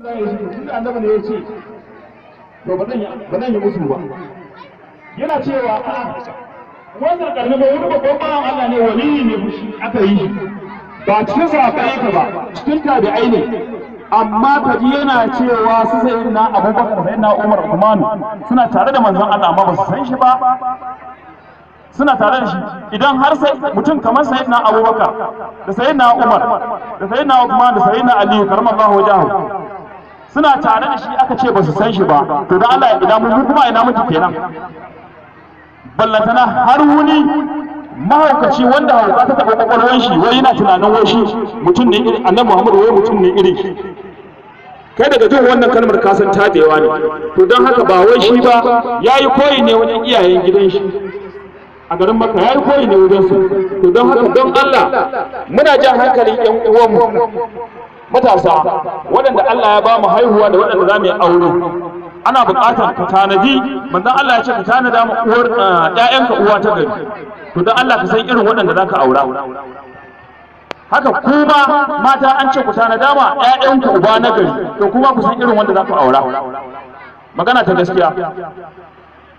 annabi ne ya ce to ba zan yi musu ba yana cewa wannan karni wani babban bawan Allah ne waliyi ne fushi aka yi ba cikin sahabbai ka ba cikin ta tabi'ai aini. amma kaji yana cewa su sai na Abubakar sai na Umar Uthman suna tare da manzon Allah amma ba su san shi ba suna tare da shi idan har sai mutum kamar na Abubakar da sai na Umar da sayyidina Uthman da sayyidina Ali karramallahu wajahu suna tare da shi aka ce ba su san shi ba to da Allah ina mu kuma ina muke kenan ballantana har wuni mahaukaci wanda hauka ta taɓa ƙwaƙwalwar shi wai yana tunanin wai shi mutum ne irin annabi Muhammad wai mutum ne irin shi kai daga jin wannan kalmar ka san tabewa ne to don haka ba wai shi ba yayi koyi ne wajen iyayen gidan shi a garin maka yayi koyi ne wajen su to don haka don Allah muna jan hankalin 'yan uwanmu matasa waɗanda Allah ya ba mu haihuwa da waɗanda za mu yi aure ana buƙatar ka tanadi manzon Allah ya ce ka tanada mu uwar ah, ƴaƴanka uwa ta gari to dan Allah ka san irin waɗanda za ka aura haka kuma mata an ce ku tanada ma ƴaƴanku uba na gari to kuma ku san irin wanda za ku aura magana ta gaskiya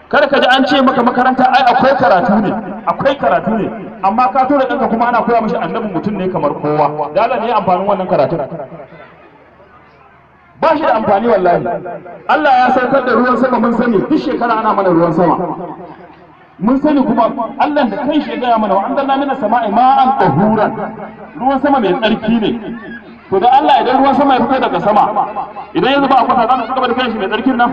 Kada ka ji an ce maka makaranta ai akwai karatu ne akwai karatu ne amma ka tura ɗanka kuma ana koya mishi annabin mutum ne kamar kowa dala ne amfanin wannan karatu ba shi da amfani wallahi Allah ya saukar da ruwan sama mun sani duk shekara ana mana ruwan sama mun sani kuma Allah da kai shi ya gaya mana wa dalla minas sama'i ma'an tahuran ruwan sama mai tsarki ne to da Allah idan ruwan sama ya fito daga sama idan ya zuba a kwata zan ga gaba da kai shi mai tsarkin nan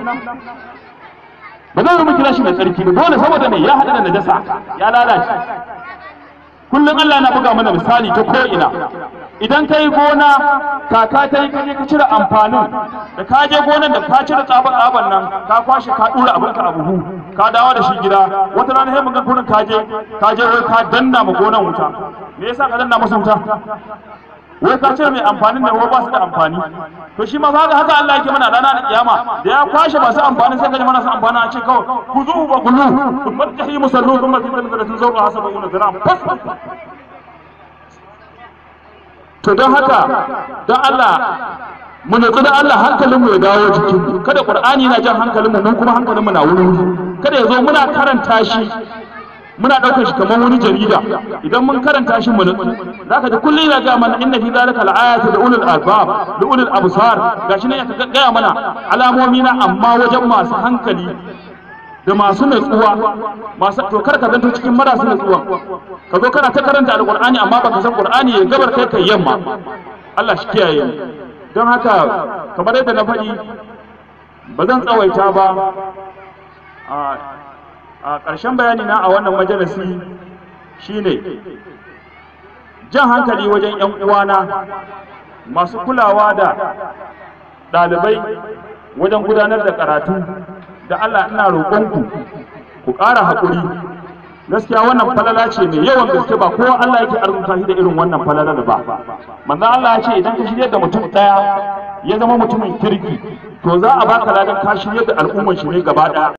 ba zai mu kira shi mai tsarki ba dole saboda me ya hada da najasa ya lalace kullum Allah na buga mana misali ta ko ina idan ka yi gona kaka ta yi kaje ka cire amfanin da ka je gonan da ka cire tsaban tsaban nan ka kwashe ka dura abin ka a buhu ka dawo da shi gida wata rana sai muga kurin ka je ka je ka danna ma gonan wuta me yasa ka danna masa wuta wai ka ce mai amfanin ne wai ba su da amfani to shi ma kaga haka Allah yake mana rana da kiyama da ya kwashe ba su amfani sai ka ji mana su amfani a ce kawai ku zu ba kullu ta matahi musallu kun mafi da da sun hasabu ina gram fas to don haka don Allah mu nutsu da Allah hankalin mu ya dawo jikinmu kada Qur'ani yana jan hankalin mu, mun kuma hankalin mu na wuri kada ya zo muna karanta shi muna ɗaukar shi kamar wani jarida idan mun karanta shi mu nutsu ka ji kullum yana gaya mana inna fi zalika al-ayatu li ulil albab li ulil absar gashi ne ya gaya mana alamomi na amma wajen masu hankali da masu natsuwa masu to kar ka zanto cikin marasu natsuwa ka zo kana ta karanta alqur'ani amma baka san qur'ani ya gabar kai kai yamma Allah shi kiyaye don haka kamar yadda na faɗi ba zan tsawaita ba ah, a ƙarshen bayani na a wannan majalisi shine jan hankali wajen 'yan uwana masu kulawa da ɗalibai wajen gudanar da karatu da Allah ina roƙonku ku ƙara haƙuri gaskiya wannan falala ce mai yawan gaske ba kowa Allah yake arzuta shi da irin wannan falalar ba manzo Allah ya ce idan ka shirya da mutum ɗaya ya zama mutumin kirki to za a baka ladan ka shiryar da al'ummar shi ne gaba ɗaya.